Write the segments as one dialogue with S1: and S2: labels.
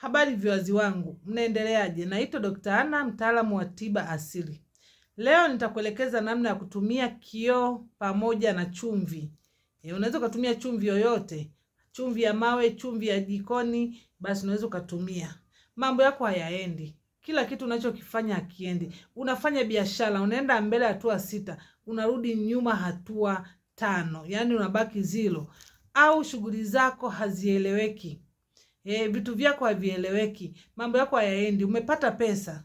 S1: Habari viwazi wangu, mnaendeleaje? Naitwa Dr. Anna, mtaalamu wa tiba asili. Leo nitakuelekeza namna ya kutumia kioo pamoja na chumvi. E, unaweza ukatumia chumvi yoyote, chumvi ya mawe, chumvi ya jikoni, basi unaweza ukatumia. Mambo yako hayaendi, kila kitu unachokifanya hakiendi. Unafanya biashara, unaenda mbele hatua sita, unarudi nyuma hatua tano, yaani unabaki zero, au shughuli zako hazieleweki eh, vitu vyako havieleweki, mambo yako hayaendi, umepata pesa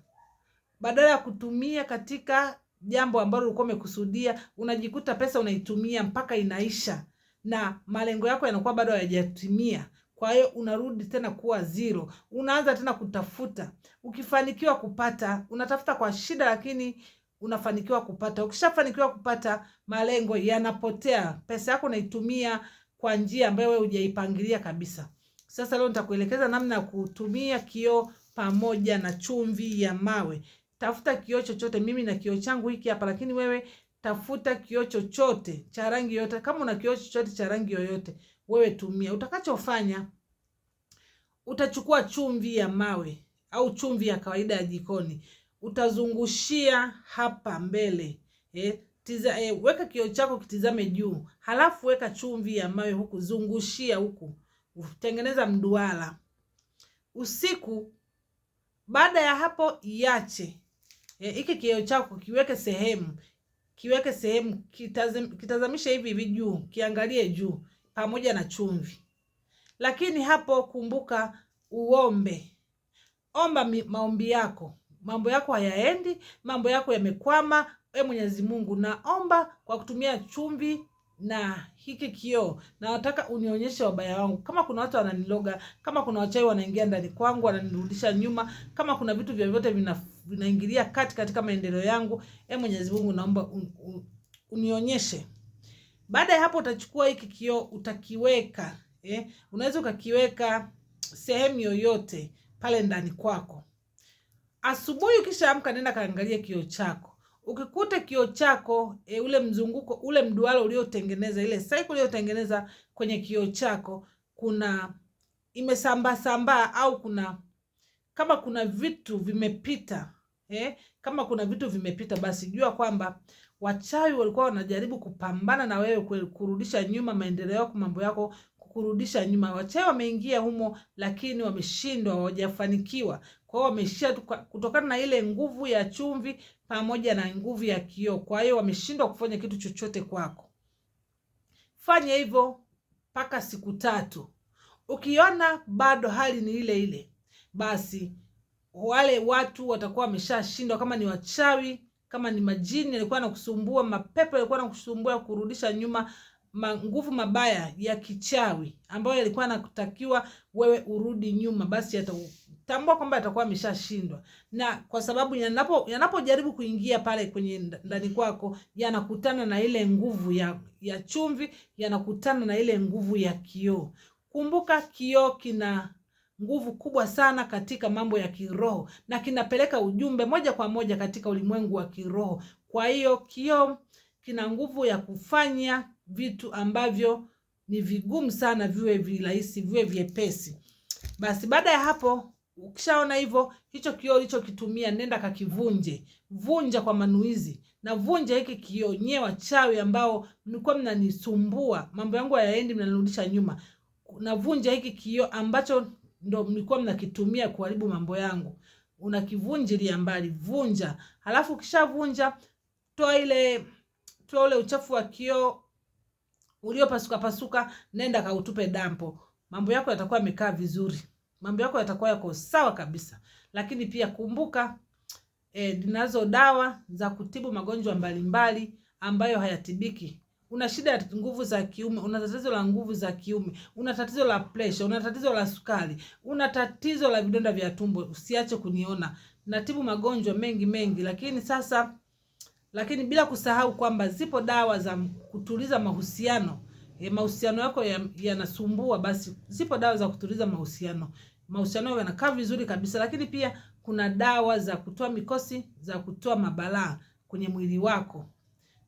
S1: badala ya kutumia katika jambo ambalo ulikuwa umekusudia, unajikuta pesa unaitumia mpaka inaisha na malengo yako yanakuwa bado hayajatimia. Kwa hiyo unarudi tena kuwa zero, unaanza tena kutafuta. Ukifanikiwa kupata, unatafuta kwa shida, lakini unafanikiwa kupata. Ukishafanikiwa kupata, malengo yanapotea, pesa yako unaitumia kwa njia ambayo wewe hujaipangilia kabisa. Sasa leo nitakuelekeza namna ya kutumia kioo pamoja na chumvi ya mawe. Tafuta kioo chochote, mimi na kioo changu hiki hapa, lakini wewe tafuta kioo chochote cha rangi yoyote. Kama una kioo chochote cha rangi yoyote, wewe tumia. Utakachofanya, utachukua chumvi ya mawe au chumvi ya kawaida ya jikoni, utazungushia hapa mbele eh, tiza, eh, weka kioo chako kitizame juu, halafu weka chumvi ya mawe huku, zungushia huku tengeneza mduara usiku. Baada ya hapo, iache e, hiki e, kioo chako kiweke sehemu kiweke sehemu kitazam, kitazamishe hivi hivi juu, kiangalie juu pamoja na chumvi. Lakini hapo kumbuka uombe, omba maombi yako. Mambo yako hayaendi, mambo yako yamekwama, e Mwenyezi Mungu, naomba kwa kutumia chumvi na hiki kioo na nataka unionyeshe wabaya wangu, kama kuna watu wananiloga, kama kuna wachawi wanaingia ndani kwangu wananirudisha nyuma, kama kuna vitu vyovyote vinaingilia kati katika maendeleo yangu, e Mwenyezi Mungu, naomba un, un, unionyeshe. Baada ya hapo, utachukua hiki kioo utakiweka, eh, unaweza ukakiweka sehemu yoyote pale ndani kwako. Asubuhi ukishaamka, nenda kaangalia kioo chako Ukikuta kioo chako e, ule mzunguko ule mduara uliotengeneza ile cycle uliotengeneza kwenye kioo chako kuna imesambasambaa au kuna kama kuna vitu vimepita eh, kama kuna vitu vimepita, basi jua kwamba wachawi walikuwa wanajaribu kupambana na wewe kurudisha nyuma maendeleo yako, mambo yako, kurudisha nyuma. Wachawi wameingia humo, lakini wameshindwa, hawajafanikiwa. Kwa hiyo wameishia kutokana na ile nguvu ya chumvi pamoja na nguvu ya kioo. Kwa hiyo wameshindwa kufanya kitu chochote kwako. Fanya hivyo mpaka siku tatu. Ukiona bado hali ni ile ile, basi wale watu watakuwa wameshashindwa, kama ni wachawi, kama ni majini yalikuwa nakusumbua, mapepo yalikuwa nakusumbua kurudisha nyuma ma, nguvu mabaya ya kichawi ambayo yalikuwa nakutakiwa wewe urudi nyuma, basi yatatambua kwamba yatakuwa ameshashindwa, na kwa sababu yanapo yanapojaribu kuingia pale kwenye ndani kwako, yanakutana na ile nguvu ya ya chumvi, yanakutana na ile nguvu ya kioo. Kumbuka kioo kina nguvu kubwa sana katika mambo ya kiroho na kinapeleka ujumbe moja kwa moja katika ulimwengu wa kiroho. Kwa hiyo kioo kina nguvu ya kufanya vitu ambavyo ni vigumu sana viwe virahisi, viwe vyepesi. Basi baada ya hapo, ukishaona hivyo, hicho kioo ulichokitumia nenda kakivunje, vunja kwa manuizi na vunja hiki kioo. Nyie wachawi ambao mlikuwa mnanisumbua, mambo yangu hayaendi, mnanirudisha nyuma, navunja hiki kioo ambacho ndo mlikuwa mnakitumia kuharibu mambo yangu, unakivunjilia mbali, vunja. Halafu ukishavunja, toa ile toa ule uchafu wa kioo uliopasuka pasuka, nenda kautupe dampo, mambo yako yatakuwa yamekaa vizuri, mambo yako yatakuwa yako sawa kabisa. Lakini pia kumbuka e, ninazo dawa za kutibu magonjwa mbalimbali ambayo hayatibiki. Una shida ya nguvu za kiume, una tatizo la nguvu za kiume, una tatizo la pressure, una tatizo la sukari, una tatizo la vidonda vya tumbo, usiache kuniona. Natibu magonjwa mengi mengi, lakini sasa lakini bila kusahau kwamba zipo dawa za kutuliza mahusiano. E, mahusiano yako yanasumbua ya, basi zipo dawa za kutuliza mahusiano, mahusiano yanakaa vizuri kabisa. Lakini pia kuna dawa za kutoa mikosi, za kutoa mabalaa kwenye mwili wako.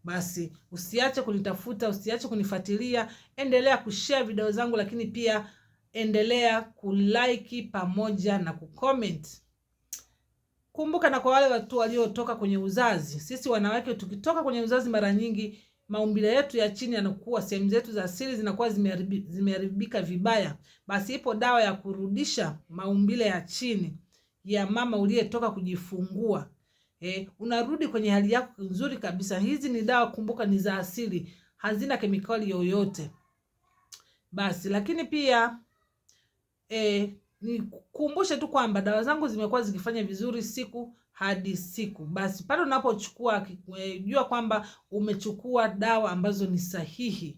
S1: Basi usiache kunitafuta, usiache kunifuatilia, endelea kushare video zangu, lakini pia endelea kulike pamoja na kucomment. Kumbuka na kwa wale watu waliotoka kwenye uzazi, sisi wanawake tukitoka kwenye uzazi, mara nyingi maumbile yetu ya chini yanakuwa, sehemu zetu za siri zinakuwa zimeharibika vibaya. Basi ipo dawa ya kurudisha maumbile ya chini ya mama uliyetoka kujifungua. Eh, unarudi kwenye hali yako nzuri kabisa. Hizi ni dawa, kumbuka ni za asili, hazina kemikali yoyote. Basi lakini pia eh, nikukumbushe tu kwamba dawa zangu zimekuwa zikifanya vizuri siku hadi siku. Basi pale unapochukua, jua kwamba umechukua dawa ambazo ni sahihi.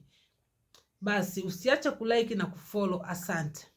S1: Basi usiache kulike na kufollow. Asante.